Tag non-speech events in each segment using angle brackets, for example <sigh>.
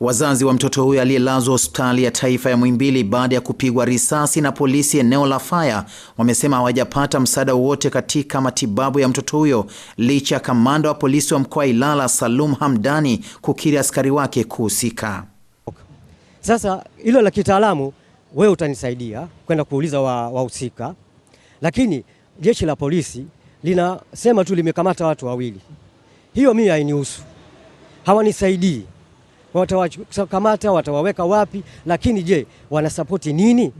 Wazazi wa mtoto huyo aliyelazwa hospitali ya taifa ya Muhimbili baada ya kupigwa risasi na polisi eneo la Faya wamesema hawajapata msaada wowote katika matibabu ya mtoto huyo licha ya kamanda wa polisi wa mkoa Ilala Salum Hamdani kukiri askari wake kuhusika. Sasa hilo la kitaalamu wewe utanisaidia kwenda kuuliza wahusika wa, lakini jeshi la polisi linasema tu limekamata watu wawili, hiyo mimi hainihusu, hawanisaidii watawakamata, watawaweka wapi? Lakini je, wanasapoti nini?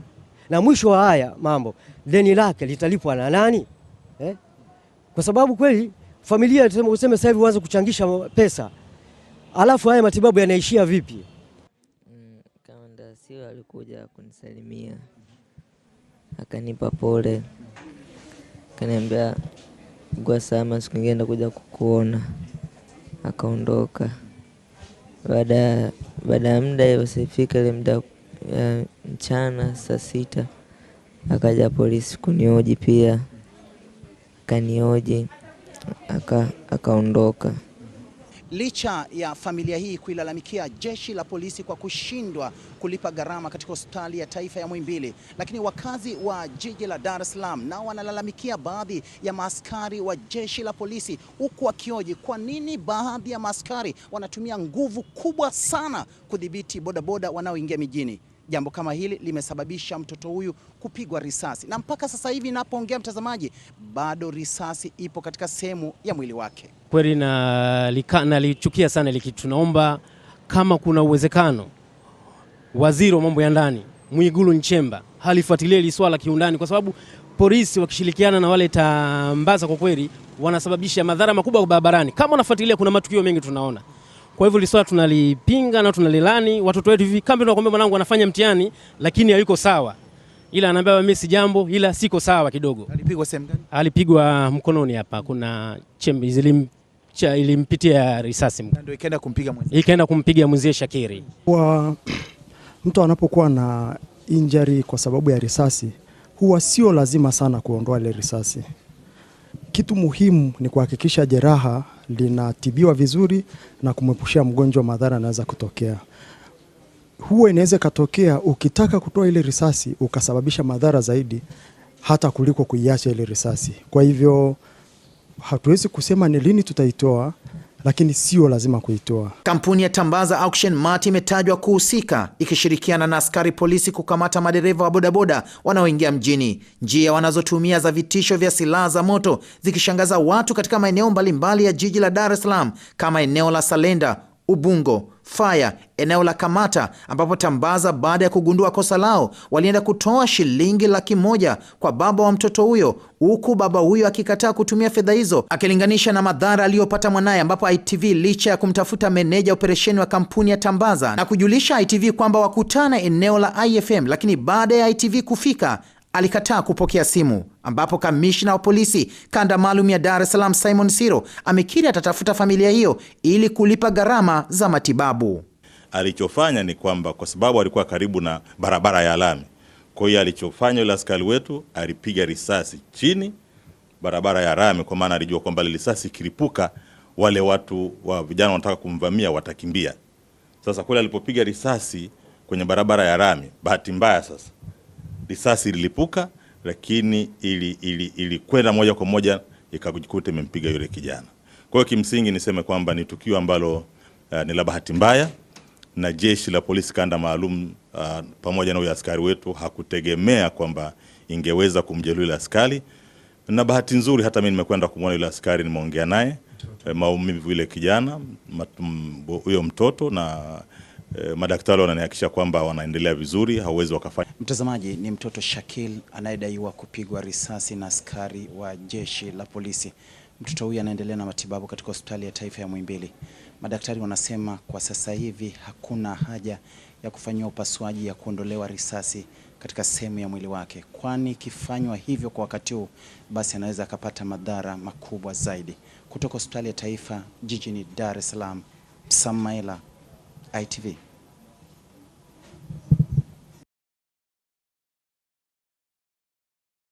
Na mwisho wa haya mambo, deni lake litalipwa na nani eh? Kwa sababu kweli familia useme sasa hivi uanze kuchangisha pesa, alafu haya matibabu yanaishia vipi? Mm, sio alikuja kunisalimia akanipa pole, akaniambia gwasama siku nyingine ndakuja kukuona, akaondoka baada baada ya muda usifika ile muda ya eh, mchana saa sita, akaja polisi kunioji pia, kanioji akaondoka aka Licha ya familia hii kuilalamikia jeshi la polisi kwa kushindwa kulipa gharama katika hospitali ya taifa ya Muhimbili, lakini wakazi wa jiji la Dar es Salaam nao wanalalamikia baadhi ya maaskari wa jeshi la polisi, huku wakioji kwa nini baadhi ya maaskari wanatumia nguvu kubwa sana kudhibiti bodaboda wanaoingia mijini jambo kama hili limesababisha mtoto huyu kupigwa risasi, na mpaka sasa hivi napoongea, mtazamaji, bado risasi ipo katika sehemu ya mwili wake. Kweli nalichukia sana hili kitu. Tunaomba kama kuna uwezekano, waziri wa mambo ya ndani Mwigulu Nchemba halifuatilie hili swala kiundani, kwa sababu polisi wakishirikiana na wale Tambaza kwa kweli wanasababisha madhara makubwa barabarani. Kama unafuatilia, kuna matukio mengi tunaona kwa hivyo liswala tunalipinga na tunalilani watoto wetu hivi kambi, tunakwambia mwanangu anafanya mtihani lakini hayuko sawa, ila anaambia mimi si jambo, ila siko sawa kidogo. Alipigwa sehemu gani? Alipigwa mkononi hapa, kuna chembe zilim ilimpitia risasi, ndio ikaenda kumpiga mwenzie, ikaenda kumpiga mwenzie Shakiri. Kwa <clears throat> mtu anapokuwa na injury kwa sababu ya risasi, huwa sio lazima sana kuondoa ile risasi. Kitu muhimu ni kuhakikisha jeraha linatibiwa vizuri na kumwepushia mgonjwa madhara anaweza kutokea. Huwa inaweza ikatokea ukitaka kutoa ile risasi ukasababisha madhara zaidi hata kuliko kuiacha ile risasi. Kwa hivyo hatuwezi kusema ni lini tutaitoa, lakini sio lazima kuitoa. Kampuni ya Tambaza Auction Mart imetajwa kuhusika ikishirikiana na askari polisi kukamata madereva wa bodaboda wanaoingia mjini. Njia wanazotumia za vitisho vya silaha za moto zikishangaza watu katika maeneo mbalimbali ya jiji la Dar es Salaam kama eneo la Salenda, Ubungo, Fire eneo la Kamata, ambapo Tambaza baada ya kugundua kosa lao walienda kutoa shilingi laki moja kwa baba wa mtoto huyo, huku baba huyo akikataa kutumia fedha hizo akilinganisha na madhara aliyopata mwanaye, ambapo ITV licha ya kumtafuta meneja operesheni wa kampuni ya Tambaza na kujulisha ITV kwamba wakutana eneo la IFM, lakini baada ya ITV kufika alikataa kupokea simu, ambapo kamishna wa polisi kanda maalum ya Dar es Salaam Simon Siro amekiri atatafuta familia hiyo ili kulipa gharama za matibabu. Alichofanya ni kwamba kwa sababu alikuwa karibu na barabara ya lami, kwa hiyo alichofanya yule askari wetu alipiga risasi chini barabara ya lami, kwa maana alijua kwamba risasi ikilipuka wale watu wa vijana wanataka kumvamia watakimbia. Sasa kule alipopiga risasi kwenye barabara ya lami, bahati mbaya sasa risasi ililipuka, lakini ili, ili, ilikwenda moja kwa moja ikajikuta imempiga yule kijana. Kwa hiyo kimsingi niseme kwamba ni tukio ambalo uh, ni la bahati mbaya na jeshi la polisi kanda maalum uh, pamoja na huyo askari wetu hakutegemea kwamba ingeweza kumjeruhi yule askari, na bahati nzuri hata mimi nimekwenda kumwona yule askari, nimeongea naye eh, maumivu ile kijana huyo mtoto na Eh, madaktari wananihakikisha kwamba wanaendelea vizuri, hauwezi wakafanya. Mtazamaji, ni mtoto Shakil anayedaiwa kupigwa risasi na askari wa jeshi la polisi. Mtoto huyu anaendelea na matibabu katika hospitali ya taifa ya Muhimbili. Madaktari wanasema kwa sasa hivi hakuna haja ya kufanyiwa upasuaji ya kuondolewa risasi katika sehemu ya mwili wake, kwani kifanywa hivyo kwa wakati huu, basi anaweza akapata madhara makubwa zaidi. Kutoka hospitali ya taifa jijini Dar es Salaam, Samaila, ITV.